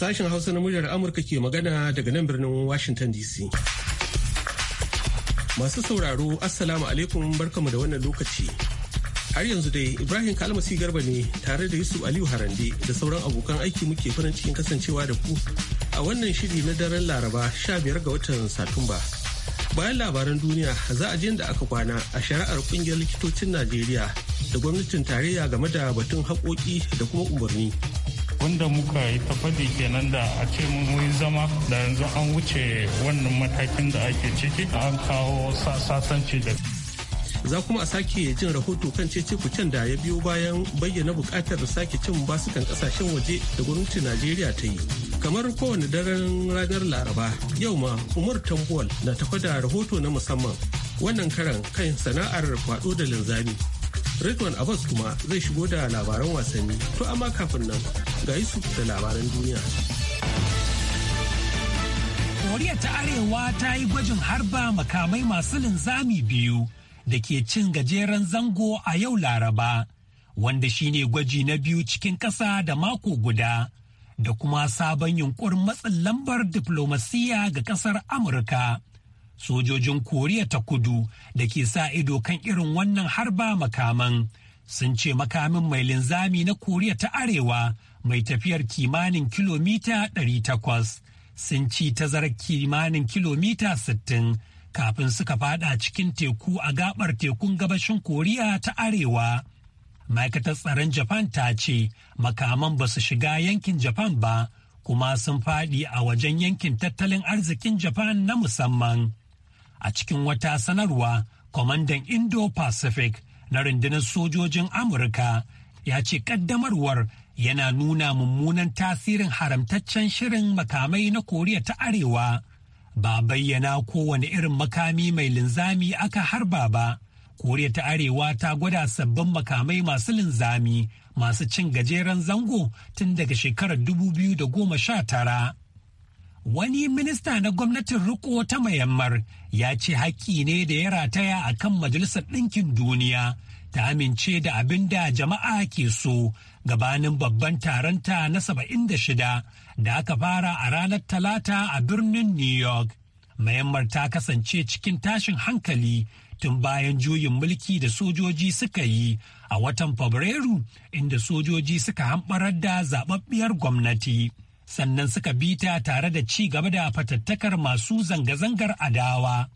Sashen Hausa na muryar Amurka ke magana daga nan birnin Washington DC. Masu sauraro, Assalamu alaikum barkamu da wannan lokaci. Har yanzu dai Ibrahim Kalmasi Garba ne tare da Yusuf Aliyu Harande da sauran abokan aiki muke farin cikin kasancewa da ku a wannan shiri na daren Laraba 15 ga watan Satumba. Bayan labaran duniya za a jin da aka kwana a shari'ar kungiyar likitocin Najeriya da gwamnatin tarayya game da batun haƙoƙi da kuma umarni. wanda muka yi tafadi kenan da a ce mun zama da yanzu an wuce wannan matakin da ake ciki an kawo sasanci da za kuma a sake jin rahoto kan cecekucen da ya biyo bayan bayyana bukatar sake cin basukan kasashen waje da gwamnatin najeriya ta yi kamar kowane daren ranar laraba yau ma umar tambuwal na tafa da rahoto na musamman wannan karan kan sana'ar kwado da linzami a Abbas kuma zai shigo da labaran wasanni to amma kafin nan ga isu da labaran duniya. Koriya ta Arewa ta yi gwajin harba makamai masu linzami biyu da ke cin gajeren zango a yau Laraba, wanda shine gwaji na biyu cikin ƙasa da mako guda, da kuma sabon yunkurin matsin lambar diplomasiya ga ƙasar Amurka. Sojojin Koriya ta kudu da ke sa ido kan irin wannan harba makaman sun ce makamin mai linzami na Koriya ta Arewa mai tafiyar kimanin kilomita 800 sun ci tazarar kimanin kilomita 60 kafin suka fada cikin teku a gabar tekun gabashin koriya ta arewa ma'aikatar tsaron japan ta ce makaman ba su shiga yankin japan ba kuma sun fadi a wajen yankin tattalin arzikin japan na musamman a cikin wata sanarwa kwamandan indo-pacific na rundunar sojojin amurka ya ce kaddamarwar yana nuna mummunan tasirin haramtaccen shirin makamai na koriya ta arewa ba bayyana kowane irin makami mai linzami aka harba ba koriya ta arewa ta gwada sabbin makamai masu linzami masu cin gajeren zango tun daga shekarar 2019 wani minista na gwamnatin riko ta mayammar ya ce haƙƙi ne da ya rataya a kan majalisar ɗinkin duniya ta amince da abin da jama'a ke so gabanin babban taronta na 76 da aka fara a ranar talata a birnin new york mayammar ta kasance cikin tashin hankali tun bayan juyin mulki da sojoji suka yi a watan fabrairu inda sojoji suka hamɓarar da zaɓaɓɓiyar gwamnati sannan suka bita tare da ci gaba da fatattakar masu zanga-zangar adawa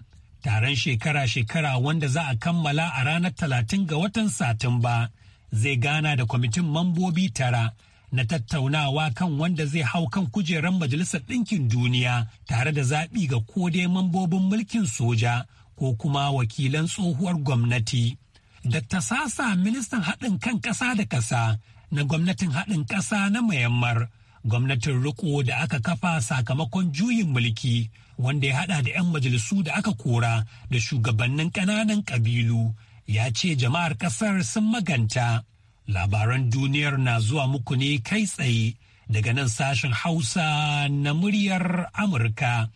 Taron shekara-shekara wanda za a kammala a ranar talatin ga watan Satumba zai gana da kwamitin mambobi tara na tattaunawa kan wanda zai hau kan kujerar Majalisar Ɗinkin Duniya tare da zaɓi ga kodai mambobin mulkin soja ko kuma wakilan tsohuwar gwamnati. Dr. Sasa ministan haɗin kan ƙasa da ƙasa na gwamnatin haɗin ƙasa na Myanmar, gwamnatin riko da aka kafa sakamakon juyin mulki wanda ya hada da 'yan majalisu da aka kora da shugabannin ƙananan ƙabilu ya ce jama'ar ƙasar sun maganta. Labaran duniyar na zuwa muku ne kai tsaye daga nan sashen Hausa na muryar Amurka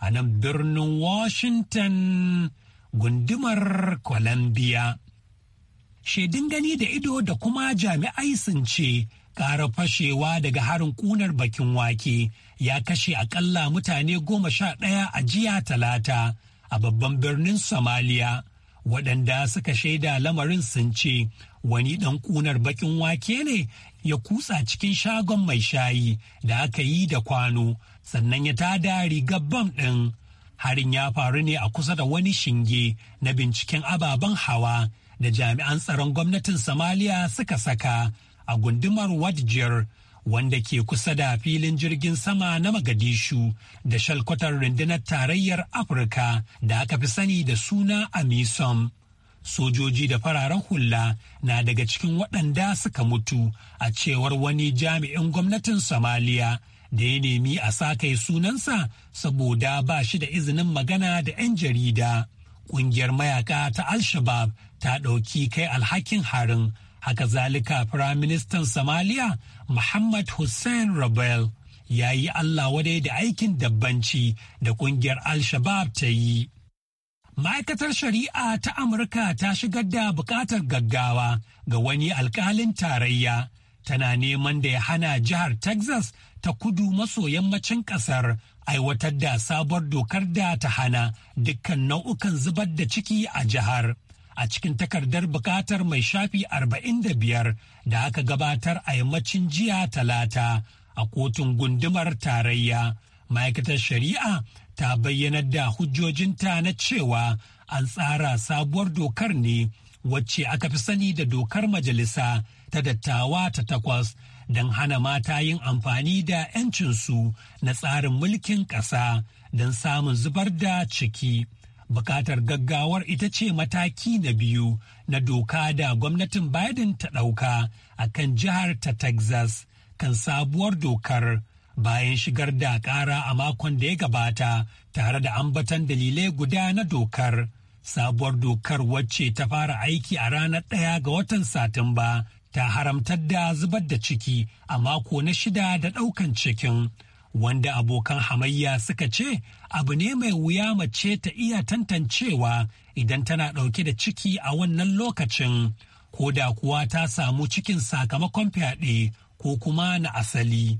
a nan birnin Washington gundumar Columbia. Shaidun gani da ido da kuma jami'ai sun ce Ƙara fashewa daga harin ƙunar bakin wake ya kashe akalla mutane goma sha ɗaya a jiya talata a babban birnin Somalia. Waɗanda suka shaida lamarin sun ce wani ɗan ƙunar bakin wake ne ya kutsa cikin shagon mai shayi da aka yi da kwano sannan ya tada rigar bam ɗin. Harin ya faru ne a kusa da wani shinge na binciken ababen hawa da jami'an tsaron gwamnatin Somalia suka saka. a gundumar wadjir wanda ke kusa da filin jirgin sama na Magadishu da shalkwatar rundunar tarayyar Afirka da aka fi sani da suna Amisom. Sojoji da fararen hula na daga cikin waɗanda suka mutu a cewar wani jami'in gwamnatin Somaliya da ya nemi a sakai sunansa saboda ba shi da izinin magana da 'yan jarida. Ƙungiyar mayaka ta Al-Shabaab ta ɗauki kai alhakin harin haka zalika firaministan Somalia Muhammad Hussein Rabel ya yi Allah wadai da aikin dabbanci da kungiyar Al-Shabaab ta yi. Ma'aikatar Shari'a ta Amurka ta shigar da bukatar gaggawa ga wani alkalin tarayya tana neman da ya hana jihar Texas ta kudu maso yammacin kasar aiwatar da sabuwar dokar da ta hana dukkan nau'ukan zubar da ciki a jihar. a cikin takardar bukatar mai shafi 45 da aka gabatar a yammacin jiya talata a kotun gundumar tarayya ma'aikatar shari'a ta bayyanar da hujjojinta na cewa an tsara sabuwar dokar ne wacce aka fi sani da dokar majalisa ta dattawa ta takwas don hana mata yin amfani da 'yancinsu na tsarin mulkin ƙasa don samun zubar da ciki. Bukatar gaggawar ita ce mataki na biyu na doka da gwamnatin Biden ta ɗauka a kan jihar ta Texas kan sabuwar dokar bayan shigar da ƙara a makon da ya gabata tare da ambatan dalilai guda na dokar. Sabuwar dokar wacce ta fara aiki a ranar ɗaya ga watan Satumba ta haramtar da zubar da ciki a mako na shida da ɗaukan cikin. Wanda abokan hamayya suka ce abu ne mai wuya mace ta iya tantancewa idan tana ɗauke da ciki a wannan lokacin ko da kuwa ta samu cikin sakamakon fyaɗe ko kuma na asali.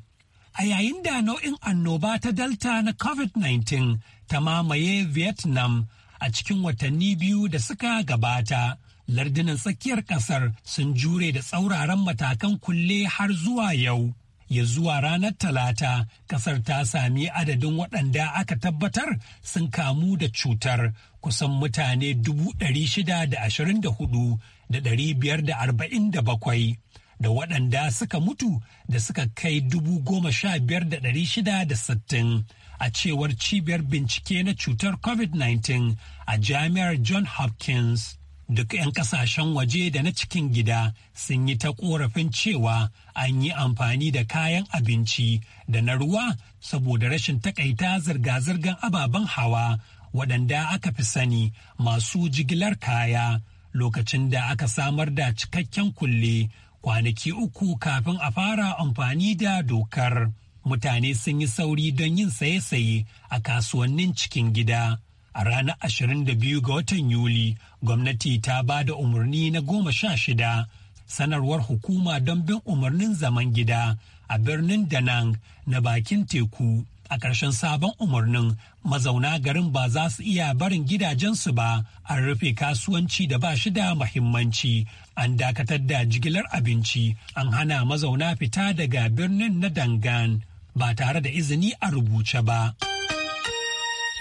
A yayin da nau'in annoba ta Delta na COVID-19 ta mamaye Vietnam a cikin watanni biyu da suka gabata. Lardunan tsakiyar ƙasar sun jure da tsauraran matakan kulle har zuwa yau. ya zuwa ranar talata kasar ta sami adadin waɗanda aka tabbatar sun kamu da cutar kusan mutane 624,547 da waɗanda suka mutu da suka kai 15,660 a cewar cibiyar bincike na cutar covid-19 a jami'ar john hopkins duk 'yan kasashen waje da na cikin gida sun yi ta korafin cewa an yi amfani da kayan abinci da na ruwa saboda rashin takaita zirga-zirgar ababen hawa waɗanda aka fi sani masu jigilar kaya lokacin da aka samar da cikakken kulle kwanaki uku kafin a fara amfani da dokar mutane sun yi sauri don yin saye-saye a kasuwannin cikin gida. A ranar 22 ga watan Yuli, gwamnati ta ba da umarni na goma sha shida sanarwar hukuma don bin umarnin zaman gida a birnin Danang na bakin teku. A ƙarshen sabon umarnin mazauna garin ba za su iya barin gidajensu ba, an rufe kasuwanci da ba shi da mahimmanci, an dakatar da jigilar abinci, an hana mazauna fita daga birnin na Dangan ba tare da izini a rubuce ba.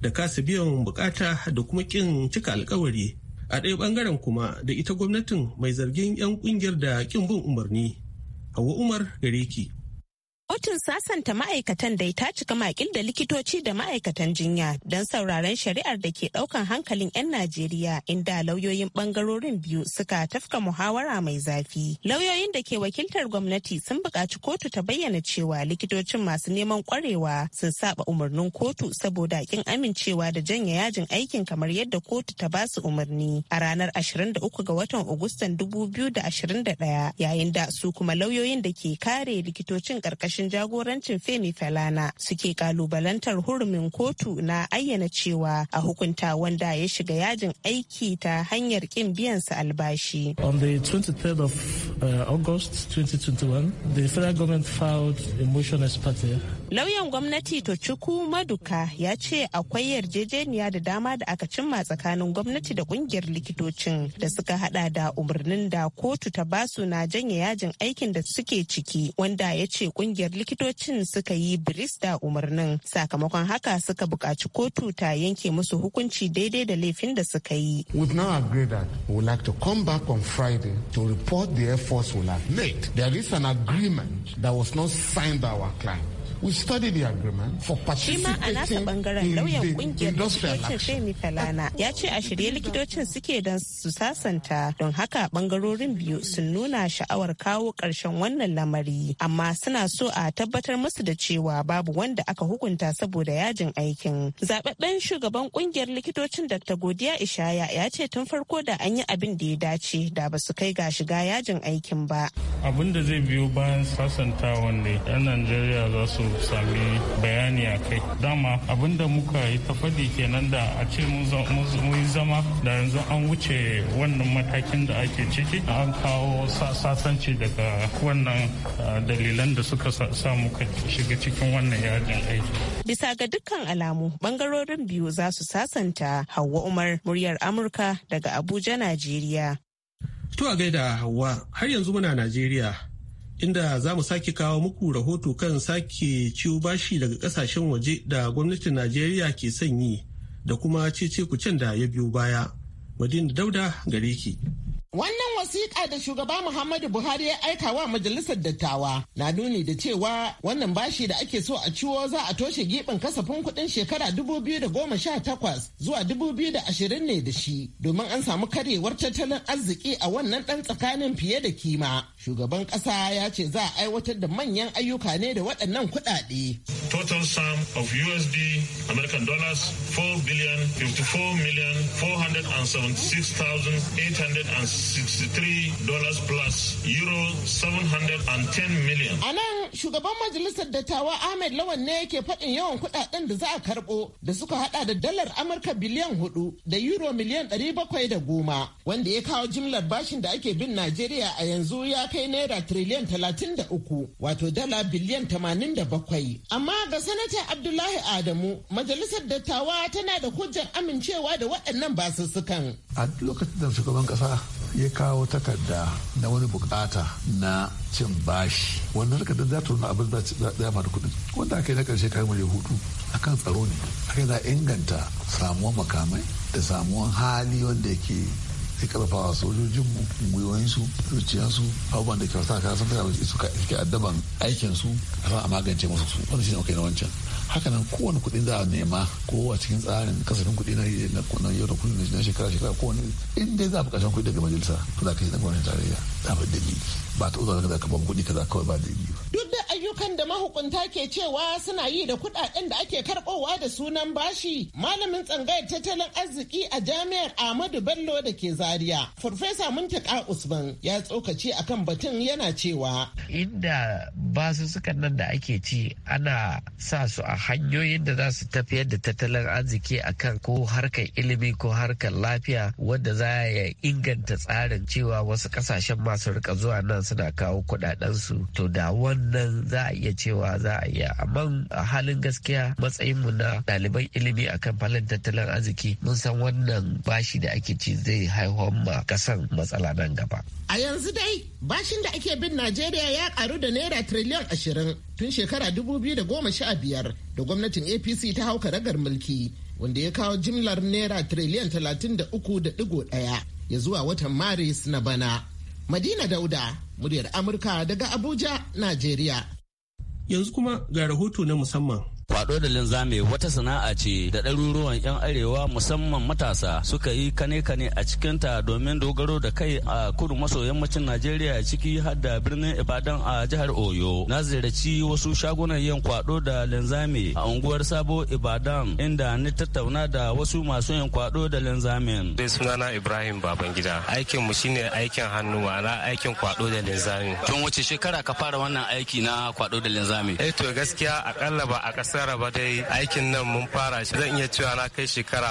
da kasa biyan bukata da kuma kin cika alkawari a ɗaya ɓangaren kuma da ita gwamnatin mai zargin 'yan ƙungiyar da kin bin umarni hawa umar gare ki Kotun sasanta ma'aikatan dai ta cika makil da likitoci da ma'aikatan jinya don sauraron shari'ar da ke ɗaukan hankalin 'yan Najeriya inda lauyoyin bangarorin biyu suka tafka muhawara mai zafi. Lauyoyin da ke wakiltar gwamnati sun buƙaci kotu ta bayyana cewa likitocin masu neman ƙwarewa sun saba umarnin kotu saboda kin amincewa da janya yajin aikin kamar yadda kotu ta ba su umarni a ranar 23 ga watan Agustan 2021 yayin da su kuma lauyoyin da ke kare likitocin ƙarƙashin karkashin jagorancin Femi Falana suke kalubalantar hurumin kotu na ayyana cewa a hukunta wanda ya shiga yajin aiki ta hanyar kin biyansa albashi. On the 23rd of uh, August 2021, the federal government filed a motion as party. Lauyan gwamnati Tochukwu Maduka ya ce akwai yarjejeniya da dama da aka cimma tsakanin gwamnati da kungiyar likitocin da suka hada da umarnin da kotu ta basu na janye yajin aikin da suke ciki wanda ya ce kungiyar likitocin suka yi biris da umarnin sakamakon haka suka buƙaci kotu ta yanke musu hukunci daidai da laifin da suka yi. We've now agreed that we would like to come back on Friday to report the efforts we have made. There is an agreement that was not signed by our client. We studied the agreement for participating in lauyan ƙungiyar likitocin ya ce a shirye likitocin suke don su sasanta don haka bangarorin biyu sun nuna sha'awar kawo ƙarshen wannan lamari amma suna so a tabbatar musu da cewa babu wanda aka hukunta saboda yajin aikin. Zababben shugaban kungiyar likitocin Dr. Godiya Ishaya ya ce tun farko da an yi abin da ya dace da ba su kai ga shiga yajin aikin ba. Abin da zai biyo bayan sasantawan ne 'yan Najeriya za su sami bayani a kai dama abinda muka yi ta faɗi kenan da a ce mu yi zama da yanzu an wuce wannan matakin da ake ciki an kawo sasanci daga wannan dalilan da suka sa muka shiga cikin wannan yajin aiki bisa ga dukkan alamu bangarorin biyu za su sasanta hawa umar muryar amurka daga abuja najeriya to a gaida hawa har yanzu muna najeriya inda za mu sake kawo muku rahoto kan sake ciwo bashi daga kasashen waje da gwamnatin Najeriya ke son yi da kuma cece kucen da ya biyo baya. Madina Dauda gare ki. Wannan wasiƙa da shugaba Muhammadu Buhari ya aika wa majalisar dattawa na nuni da cewa wannan bashi da ake so a ciwo za a toshe gibin kasafin kuɗin shekara 2018 zuwa 2020 ne da shi domin an samu karyewar tattalin arziki a wannan ɗan tsakanin fiye da kima. Shugaban ƙasa ya ce za a aiwatar da manyan ayyuka ne da waɗannan kuɗaɗe. total sum of USD American dollars 4 billion 54 million 476,863 dollars plus euro 710 million. A nan shugaban majalisar dattawa Ahmed Lawan ne yake faɗin yawan kuɗaɗen da za a karɓo da suka haɗa da dalar Amurka biliyan hudu da euro miliyan ɗari bakwai da goma wanda ya kawo jimlar bashin da ake bin Najeriya a yanzu ya kai naira triliyan talatin da uku wato dala biliyan tamanin da bakwai. Amma ga sanata Abdullahi Adamu, majalisar dattawa tana da hujjar amincewa da waɗannan basussukan. A lokacin da shugaban ƙasa ya kawo takarda na wani bukata na cin bashi wannan takardar za ta abin za ta da kuɗi wanda aka yi na ƙarshe kayan mai hutu akan tsaro ne aka za inganta samuwar makamai da samuwar hali wanda yake zai karfafa sojojin gwiwoyinsu su abubuwan da ke wasa ka san tana isuka ke addaban aikin su a a magance musu su shi ne kai na wancan haka nan kowane kuɗin za a nema ko a cikin tsarin kasafin kuɗi na na yau da kullum na shekara shekara kowane in dai za a buƙatar kuɗi daga majalisa za ka shi na gwamnati tarayya za a dalili ba ta uzo daga kudi kuɗi za kawai ba dalili ba. duk da ayyukan da mahukunta ke cewa suna yi da kudaden da ake karbowa da sunan bashi malamin tsangayar tattalin arziki a jami'ar ahmadu bello da ke zaria farfesa muntaka usman ya tsokaci akan batun yana cewa inda ba su suka nan da ake ci ana sa su a hanyoyin da za su tafiyar da tattalin arziki akan ko harkar ilimi ko harkar lafiya wanda za ya inganta tsarin cewa wasu kasashen masu rika zuwa nan suna kawo kudaden su to da wannan za a iya cewa za a iya amma a halin gaskiya matsayin mu na ɗaliban ilimi akan falon tattalin arziki mun san wannan bashi da ake ci zai haihuwar ma kasan matsala nan gaba. A yanzu dai bashin da ake bin Najeriya ya karu da naira triliyan ashirin tun shekara dubu biyu da goma sha biyar da gwamnatin APC ta hauka ragar mulki wanda ya kawo jimlar naira triliyan talatin da uku da digo ɗaya ya zuwa watan Maris na bana. Madina Dauda, muryar Amurka daga Abuja, Najeriya. Yanzu kuma ga rahoto na musamman. Kwado da linzame wata sana'a ce da ɗaruruwan 'yan arewa musamman matasa suka yi kane-kane a cikinta domin dogaro da kai a kudu maso yammacin Najeriya ciki har da birnin Ibadan a jihar Oyo. Na ziyarci wasu shagunan yin kwado da linzame a unguwar Sabo Ibadan inda ni tattauna da wasu masu yin kwado da linzamin. Sai sunana Ibrahim Babangida. Aikin mu shine aikin hannu ma'ana aikin kwado da linzami. Tun wace shekara ka fara wannan aiki na kwado da linzami? Eh to gaskiya akalla ba a ƙasar taraba dai aikin nan mun fara shi zan iya cewa na kai shekara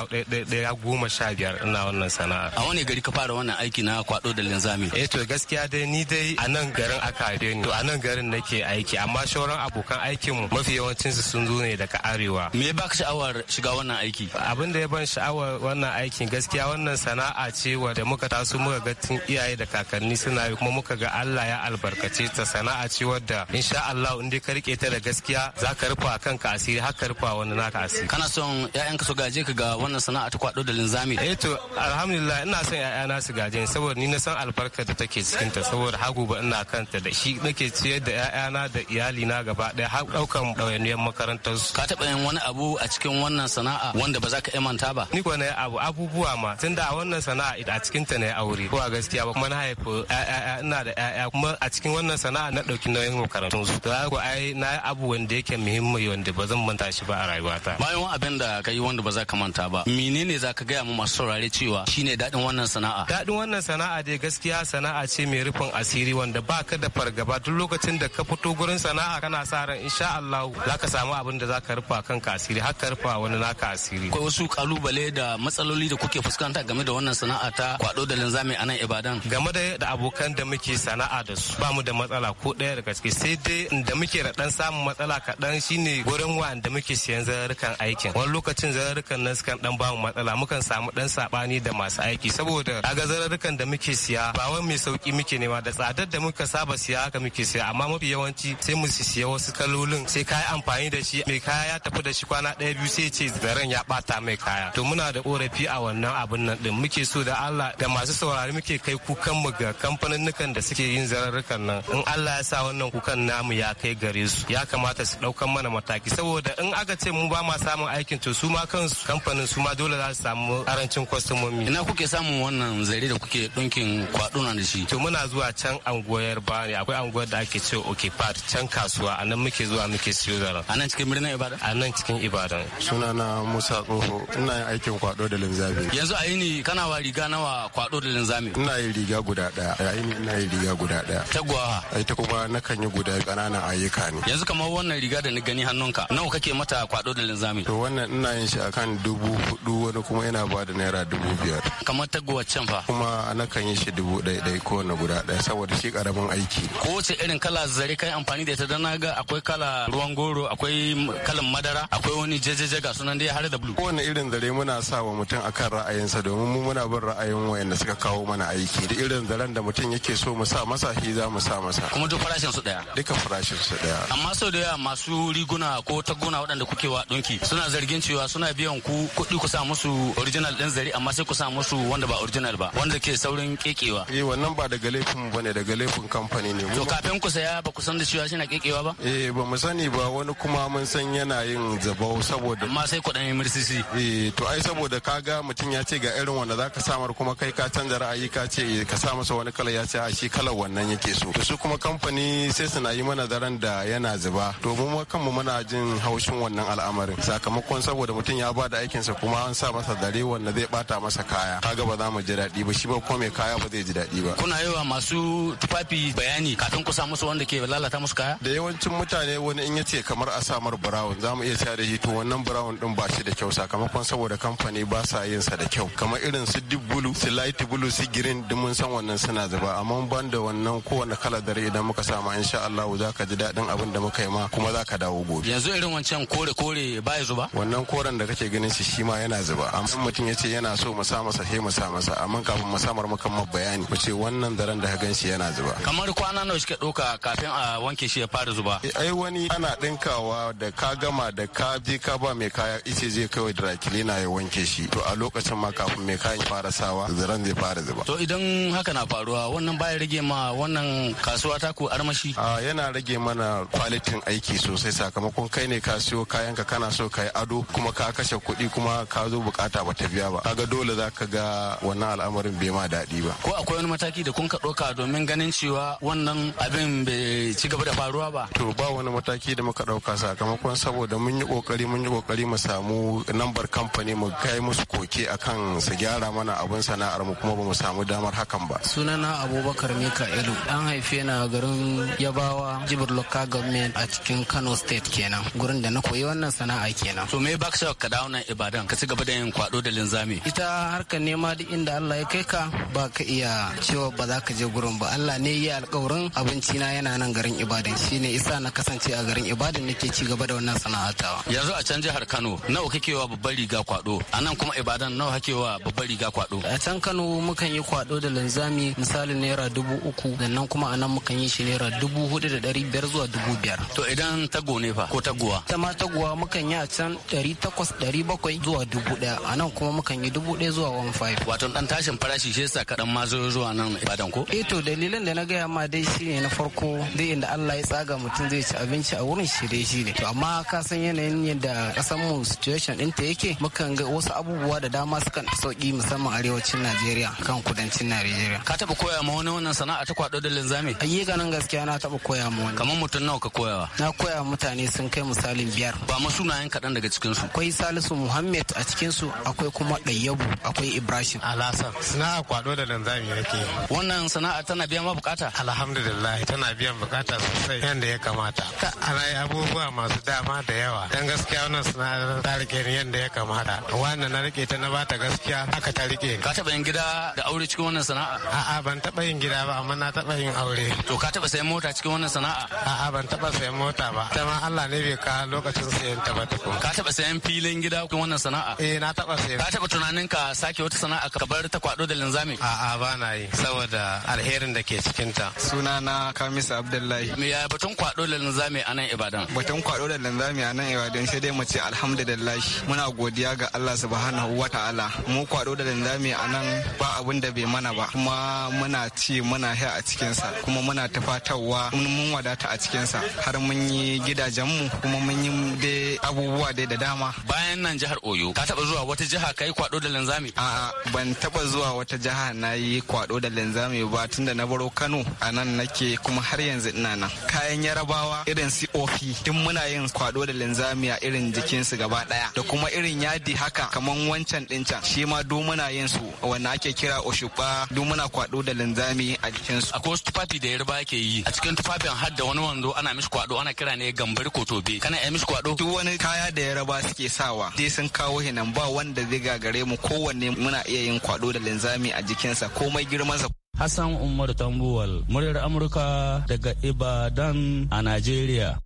ɗaya goma sha biyar ina wannan sana'a. A wani gari ka fara wannan aiki na kwaɗo da linzami? Eh to gaskiya dai ni dai a nan garin aka haife ni to a nan garin nake aiki amma shauran abokan aikinmu mafi yawancin su sun zo ne daga arewa. Me ya baka sha'awar shiga wannan aiki? Abin da ya ban sha'awar wannan aikin gaskiya wannan sana'a ce wadda muka taso muka ga tun iyaye da kakanni suna yi kuma muka ga Allah ya albarkace ta sana'a ce wadda insha Allah in dai ka rike ta da gaskiya za ka rufa kanka asiri haka rufa wani naka asiri kana son ƴaƴanka su gaje ka ga wannan sana'a ta kwado da linzami eh to alhamdulillah ina son ƴaƴana su gaje saboda ni na san albarkar da take cikin ta saboda hagu ba ina kanta da shi nake ciyar da ƴaƴana da iyali na gaba ɗaya har ɗaukan ɗawainiyar makarantar su ka taɓa yin wani abu a cikin wannan sana'a wanda ba za ka imanta ba ni ko na abu abubuwa ma da a wannan sana'a a cikin ta ne aure ko a gaskiya ba kuma na haifi ƴaƴa ina da ƴaƴa kuma a cikin wannan sana'a na ɗauki nauyin makarantun su da ai na abu wanda yake muhimmi wanda ba zan manta shi ba a rayuwata bayan abin da ka yi wanda ba za ka manta ba menene za ka gaya mu masu saurare cewa shine daɗin wannan sana'a daɗin wannan sana'a dai gaskiya sana'a ce mai rufin asiri wanda ba ka da fargaba duk lokacin da ka fito gurin sana'a kana sa ran insha Allah za ka samu abin da za ka rufa kan ka asiri har ka rufa wani naka asiri akwai wasu kalubale da matsaloli da kuke fuskanta game da wannan sana'a ta kwado da linzami a nan Ibadan game da abokan da muke sana'a da su ba mu da matsala ko ɗaya daga ciki sai dai da muke da ɗan samun matsala kaɗan shine gurin wajen da muke siyan zararrukan aikin wani lokacin zararrukan nan sukan dan bamu matsala mukan samu dan sabani da masu aiki saboda kaga zararrukan da muke siya ba wani mai sauki muke nema da tsadar da muka saba siya haka muke siya amma mafi yawanci sai mu siya wasu kalolin sai kayi amfani da shi mai kaya ya tafi da shi kwana ɗaya biyu sai ce zaren ya bata mai kaya to muna da korafi a wannan abin nan din muke so da Allah da masu saurari muke kai kukan mu ga kamfaninnukan da suke yin zararrukan nan in Allah ya sa wannan kukan namu ya kai gare su ya kamata su daukan mana mataki saboda in aka ce mu ba ma samun aikin to su ma kansu kamfanin su ma dole za su samu karancin kwastomomi ina kuke samun wannan zare da kuke ɗinkin kwaduna da shi to muna zuwa can anguwar ne akwai anguwar da ake ce oke part can kasuwa a nan muke zuwa muke siyo zara. a nan cikin birnin ibadan a nan cikin ibadan sunana musa tsoho ina yin aikin kwado da linzami yanzu a yini kana wa riga nawa kwado da linzami ina yin riga guda ɗaya. a yini ina yin riga guda daya tagwa ita kuma nakan yi guda ƙananan ayyuka ne yanzu kamar wannan riga da ni gani hannunka nawa kake mata kwado da linzami to wannan ina yin shi akan dubu hudu wani kuma yana ba da naira dubu biyar kamar ta can fa kuma na kan yi shi dubu ɗaya ɗaya wani guda ɗaya saboda shi karamin aiki Ko wace irin kala zare kai amfani da ita don na ga akwai kala ruwan goro akwai kalan madara akwai wani jejeje ga sunan dai har da blue kowane irin zare muna sa wa mutum akan ra'ayinsa domin mu muna bin ra'ayin wayanda suka kawo mana aiki da irin zaren da mutum yake so mu sa masa shi za mu sa masa kuma duk farashin su daya duka farashin su daya amma sau da yawa masu riguna ko wata gona waɗanda kuke wa ɗunki suna zargin cewa suna biyan ku kuɗi ku sa musu original ɗin zari amma sai ku sa musu wanda ba original ba wanda ke saurin kekewa. Eh wannan ba daga laifin ba ne daga laifin kamfani ne. To kafin ku saya ba ku san da cewa shi na kekewa ba? Eh ba mu sani ba wani kuma mun san yana yin zabau saboda. Amma sai ku ɗan mirsisi. Eh to ai saboda kaga mutum ya ce ga irin wanda za ka samar kuma kai ka canza ra'ayi ka ce ka sa masa wani kala ya ce a shi kalar wannan yake so. To su kuma kamfani sai suna yi mana daren da yana zuba. To mu kanmu muna jin jin haushin wannan al'amarin sakamakon saboda mutum ya ba da aikinsa kuma an sa masa dare wanda zai bata masa kaya kaga ba za mu ji daɗi ba shi ba ko mai kaya ba zai ji daɗi ba kuna yawa masu tufafi bayani kafin ku sa musu wanda ke lalata musu kaya da yawancin mutane wani in yace kamar a samar brown za mu iya sa da shi to wannan brown din ba shi da kyau sakamakon saboda kamfani ba sa yin sa da kyau kamar irin su deep blue su light blue su green duk mun san wannan suna zuba amma ban da wannan kowane kalar dare idan muka sa ma insha Allah za ka ji daɗin abin da muka yi ma kuma za ka dawo gobe yanzu irin wancan kore kore baya zuba wannan koren da kake ganin shi shi ma yana zuba amma mutum ya ce yana so mu sa masa sai mu sa masa amma kafin mu samar maka ma bayani ku ce wannan daren da ka gan shi yana zuba kamar kwana nawa ka doka kafin a wanke shi ya fara zuba eh, ai wani ana dinkawa da ka gama da ka je ka ba mai kaya ice zai kai dry na ya wanke shi to a lokacin ma kafin mai kayan fara sawa zaren zai fara zuba to idan haka na faruwa wannan baya rage ma wannan kasuwa ta ku armashi a ah, yana rage mana kwalitin aiki sosai sakamakon kai ne ka siyo kayan ka kana so ka yi ado kuma ka kashe kuɗi kuma ka zo bukata ba ta biya ba kaga dole za ka ga wannan al'amarin bai ma daɗi ba ko akwai wani mataki da kun ka ɗauka domin ganin cewa wannan abin bai ci gaba da faruwa ba to ba wani mataki da muka ɗauka sakamakon saboda mun yi kokari mun yi kokari mu samu lambar kamfani mu kai musu koke akan su gyara mana abin sana'ar mu kuma ba mu samu damar hakan ba sunana abubakar Mika mika'ilu an haife na garin yabawa jibir local government a cikin kano state kenan gurin da na koyi wannan sana'a kenan to me baka shawar ka dawo nan ibadan ka ci gaba da yin kwado da linzami ita harkar nema duk inda Allah ya kai ka ba ka iya cewa ba za ka je gurin ba Allah ne ya alƙawarin abinci na yana nan garin ibadan shine isa na kasance a garin ibadan nake ci gaba da wannan sana'a ta yanzu a can jihar Kano nawa kake wa babbar riga kwado a nan kuma ibadan nawa kake wa babbar riga kwado a can Kano mukan yi kwado da linzami misali naira dubu uku sannan kuma a nan mukan yi shi naira dubu hudu da dari biyar zuwa dubu biyar to idan tago ne fa ko tago taguwa ta ma taguwa mukan yi a can ɗari takwas bakwai zuwa dubu a nan kuma mukan yi dubu zuwa one five. wato dan tashin farashi shi yasa kaɗan ma zo zuwa nan ibadan ko. eh to dalilan da na gaya ma dai shi ne na farko dai inda Allah ya tsaga mutum zai ci abinci a wurin shi dai shi ne to amma ka san yanayin yadda ƙasar mu situation ta yake mukan ga wasu abubuwa da dama sukan sauki musamman arewacin Najeriya kan kudancin Najeriya. Ka taɓa koya ma wani wannan sana'a ta kwaɗo da linzami? Ayyuka nan gaskiya na taɓa koya ma wani. Kamar mutum nawa ka koyawa? Na koya mutane sun kai misalin biyar ba ma sunayen kaɗan daga cikinsu akwai salisu muhammed a cikinsu akwai kuma ɗayyabu akwai ibrahim alhassan sana'a kwado da linzami yake wannan sana'a tana biyan ma bukata alhamdulillah tana biyan bukata sosai yadda ya kamata ana yi abubuwa masu dama da yawa dan gaskiya wannan sana'a ta rike ni yadda ya kamata wannan na rike ta na bata gaskiya aka ta rike ka taɓa yin gida da aure cikin wannan sana'a a'a ban taɓa yin gida ba amma na taɓa yin aure to ka taɓa sayan mota cikin wannan sana'a a'a ban taɓa sayan mota ba ta ma Allah ne bai ka lokacin sayan ta tukun. Ka taɓa sayan filin gida kun wannan sana'a? Eh na taɓa sayan. Ka taɓa tunanin ka sake wata sana'a ka bar ta kwado da linzami? A'a ba na yi saboda alherin da ke cikin ta. Suna na Kamisa Abdullahi. Me ya batun kwado da linzami a nan Ibadan? Batun kwado da linzami a nan Ibadan sai dai mu ce alhamdulillah muna godiya ga Allah subhanahu wa ta'ala. Mu kwado da linzami a nan ba abin da bai mana ba kuma muna ci muna ha a cikinsa kuma muna tafatawa. mun wadata a cikinsa har mun yi gidajenmu kuma mun yi dai abubuwa dai da dama bayan nan jihar oyo ka taba zuwa wata jiha kai kwado da linzami A ban taba zuwa wata jiha na yi kwado da linzami ba tun da na baro kano a nan nake kuma har yanzu ina nan kayan yarabawa irin su ofi duk muna yin kwado da linzami a irin jikinsu gaba daya da kuma irin yadi haka kaman wancan din can shi ma duk muna yin su wanda ake kira oshuba duk muna kwado da linzami a jikinsu akwai wasu tufafi da yarba ke yi a cikin tufafin har da wani wando ana mishi kwado ana kira ne gambar tobe. Ka eh, kana ya mishi kwado duk wani kaya da yaraba suke sawa dai sun kawo hinan ba wanda zai gagare mu kowanne muna iya yin kwado da linzami a jikinsa komai girmansa Hassan Umar Tambuwal, muryar Amurka daga Ibadan a Najeriya.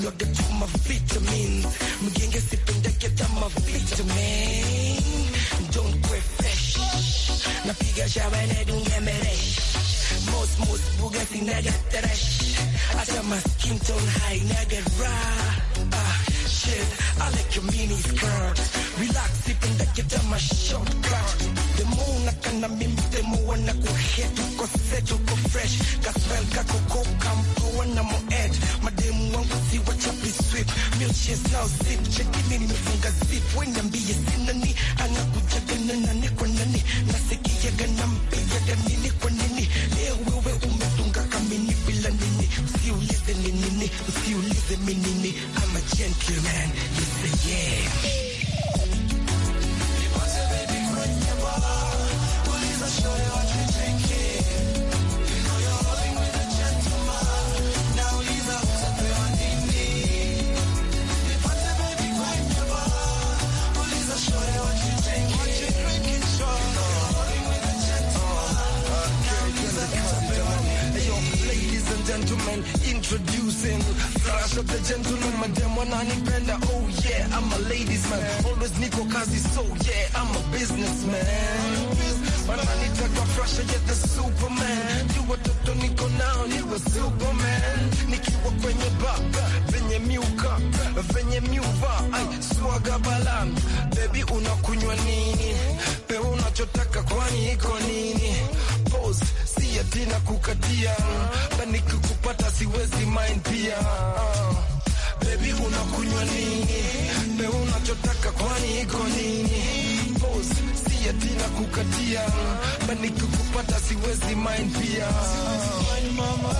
gentleman, my vitamins. Mgenge sipping that get my vitamin. Don't refresh. Napiga shawa na dungemeresh. Most most bugati nagatarash. Acha my skin tone high nagara. Ah, shit, I like your mini skirt. Relax sipping that get my shortcut. The moon akana the moon wana nionyeshe zip, cheki mimi nimefunga zip, wewe niambie sina nini single Flash of the gentleman, madam wananipenda Oh yeah, I'm a ladies man Always niko kazi so yeah, I'm a businessman Wananitaka fresh yeah, the superman Juu watoto niko nao niwe superman Nikiwa kwenye baba, venye miuka, venye miuva Ay, swaga balam, baby unakunywa nini? nipe unachotaka, kwani iko nini? Pose si ati na kukatia, bali kukupata siwezi mind pia. baby unakunywa nini? Nipe unachotaka, kwani iko nini? Pose si ati na kukatia, bali kukupata siwezi mind pia. Siwezi mind mama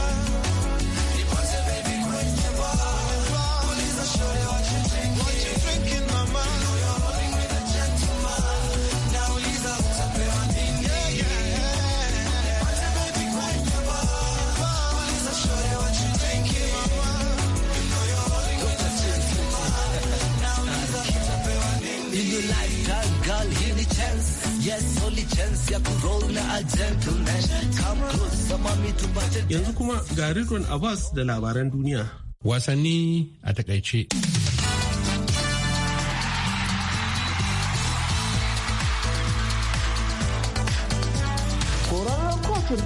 intelligence ya roll na a gentleman. Come close, sama me Yanzu kuma ga Ridwan Abbas da labaran duniya. Wasanni a takaice.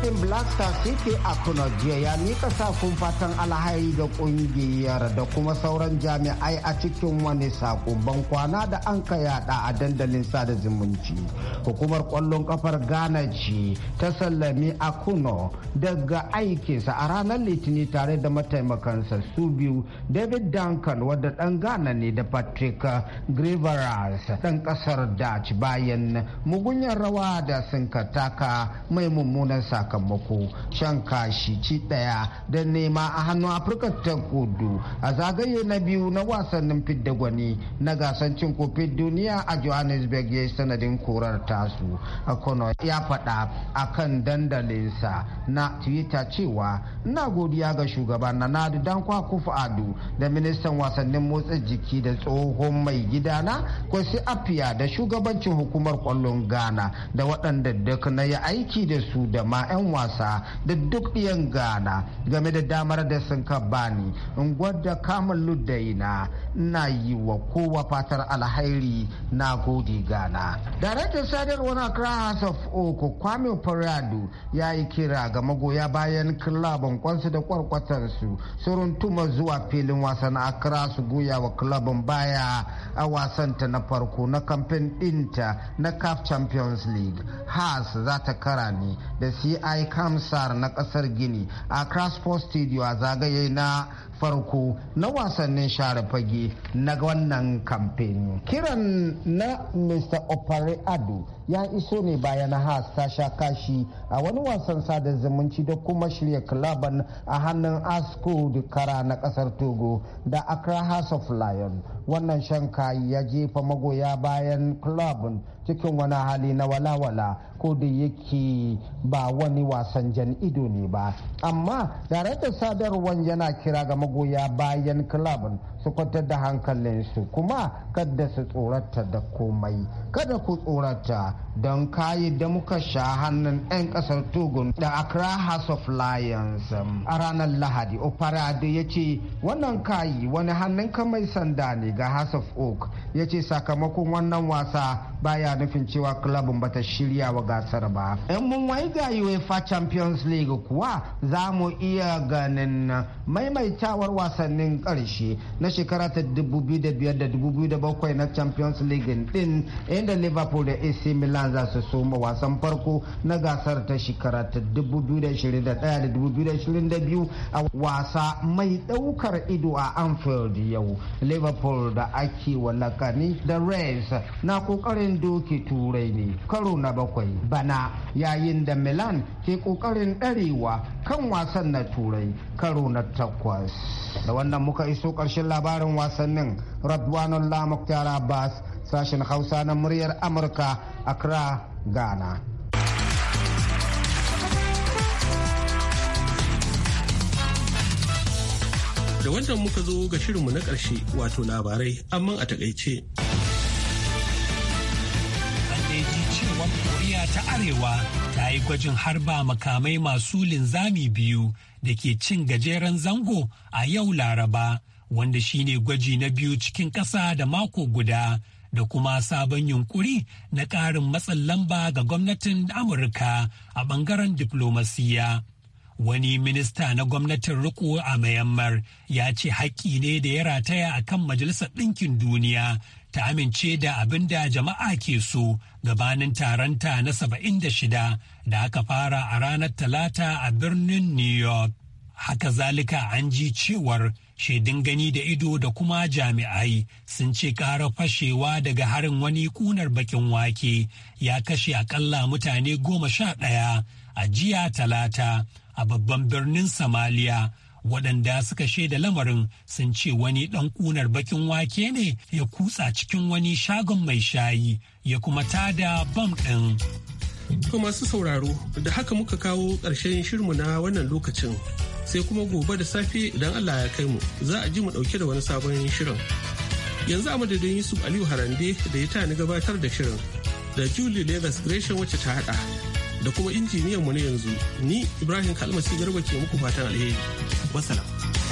ɗin black stars yake a kuna jiya ya mika safun fatan alhairi ga ƙungiyar da kuma sauran jami'ai a cikin wani sako ban kwana da an ka yada a dandalin sada zumunci hukumar kwallon kafar ghana ce ta sallami a kuno daga aikinsa a ranar litini tare da mataimakansa su biyu david duncan wadda dan ghana ne da patrick griveras dan ƙasar dutch bayan mugunyar rawa da sun taka mai mummunan saka sakamako shan kashi ci daya don nema a hannun afirka ta kudu a zagaye na biyu na wasannin fidda gwani na gasar cin kofin duniya a johannesburg ya yi sanadin korar tasu kono ya faɗa a kan dandalinsa na twitter cewa na godiya ga shugaban na nadu dan kwakufu ado da ministan wasannin motsa jiki da tsohon mai gidana kwasi afiya da shugabancin hukumar kwallon ghana da waɗanda duk na yi aiki da su da ma 'yan ɗan wasa da duk ɗiyan Gana game da damar da sun ka bani in gwada kamun luddaina na yi wa kowa fatar alhairi na gode gana Daraktan sadarwar na House of Oko Kwame faradu ya yi kira ga magoya bayan kilabin kwansu da kwarkwatarsu surun tuma zuwa filin wasan Accra su goya wa kilabin baya a wasanta na farko na kamfen ɗinta na CAF Champions League. Haas za ta kara ne da CI yi kamsar na kasar gini a crossport studio a zagaye na farko na wasannin share fage na wannan kamfani kiran na mr opare ado ya iso ne bayan Haas ta sha kashi a wani wasan sada zumunci da kuma shirya klaban a hannun da kara na kasar Togo da Accra House of Lion. Wannan shan kayi ya jefa magoya bayan klabin cikin wani hali na walawala ko da yake ba wani wasan jan ido ne ba. Amma tare da sadarwar yana kira ga magoya bayan klabin su kwatar da hankalinsu kuma kada su tsorata da komai kada ku tsorata don kayi da muka sha hannun 'yan kasar togo da accra house of lions a ranar lahadi oparade ya ce wannan kayi wani hannun mai sanda ne ga house of oak ya ce sakamakon wannan wasa baya nufin cewa klabin bata shirya wa gasar ba in mun wai ga uefa champions league kuwa za mu iya ganin maimaitawar wasannin karshe na shekara ta 2005 da 2007 na champions league din inda liverpool da ac milan za su soma wasan farko na gasar ta shekara ta 2021-2022 a wasa mai daukar ido a anfield yau liverpool da ake lakani da reds na kokarin doke turai ne karo na bakwai bana yayin da milan ke kokarin darewa kan wasan na turai karo na takwas da wannan muka iso karshen labarin wasannin radwanullah muktar bas. sashen hausa na muryar amurka accra ghana da wannan muka zo ga shirinmu na ƙarshe wato labarai amma a takaice cewa koriya ta arewa ta yi gwajin harba makamai masu linzami biyu da ke cin gajeren zango a yau laraba wanda shine gwaji na biyu cikin ƙasa da mako guda da kuma sabon yunkuri na ƙarin matsin lamba ga gwamnatin Amurka a ɓangaren diflomasiya. Wani minista na gwamnatin riko a Myanmar ya ce haƙƙi ne da ya rataya a kan Majalisar Ɗinkin Duniya ta amince da abin da jama'a ke so gabanin taronta na 76 da aka fara a ranar Talata a birnin New York. Haka zalika an ji cewar shaidun gani da ido da kuma jami'ai sun ce ƙara fashewa daga harin wani kunar bakin wake ya kashe akalla mutane goma sha ɗaya a jiya talata a babban birnin samaliya waɗanda suka shaida lamarin sun ce wani ɗan kunar bakin wake ne ya kutsa cikin wani shagon mai shayi ya kuma tada bam ɗin. To masu sauraro da haka muka kawo ƙarshen shirmu na wannan lokacin. sai kuma gobe da safe idan Allah ya kai mu za a ji mu dauke da wani sabon shirin. Yanzu a madadin Yusuf Aliyu Harande da ya tani gabatar da shirin da Julie Lagos Gresham wacce ta hada da kuma injiniyan mu na yanzu ni Ibrahim Kalmasi Garba ke muku fatan alheri. wasalam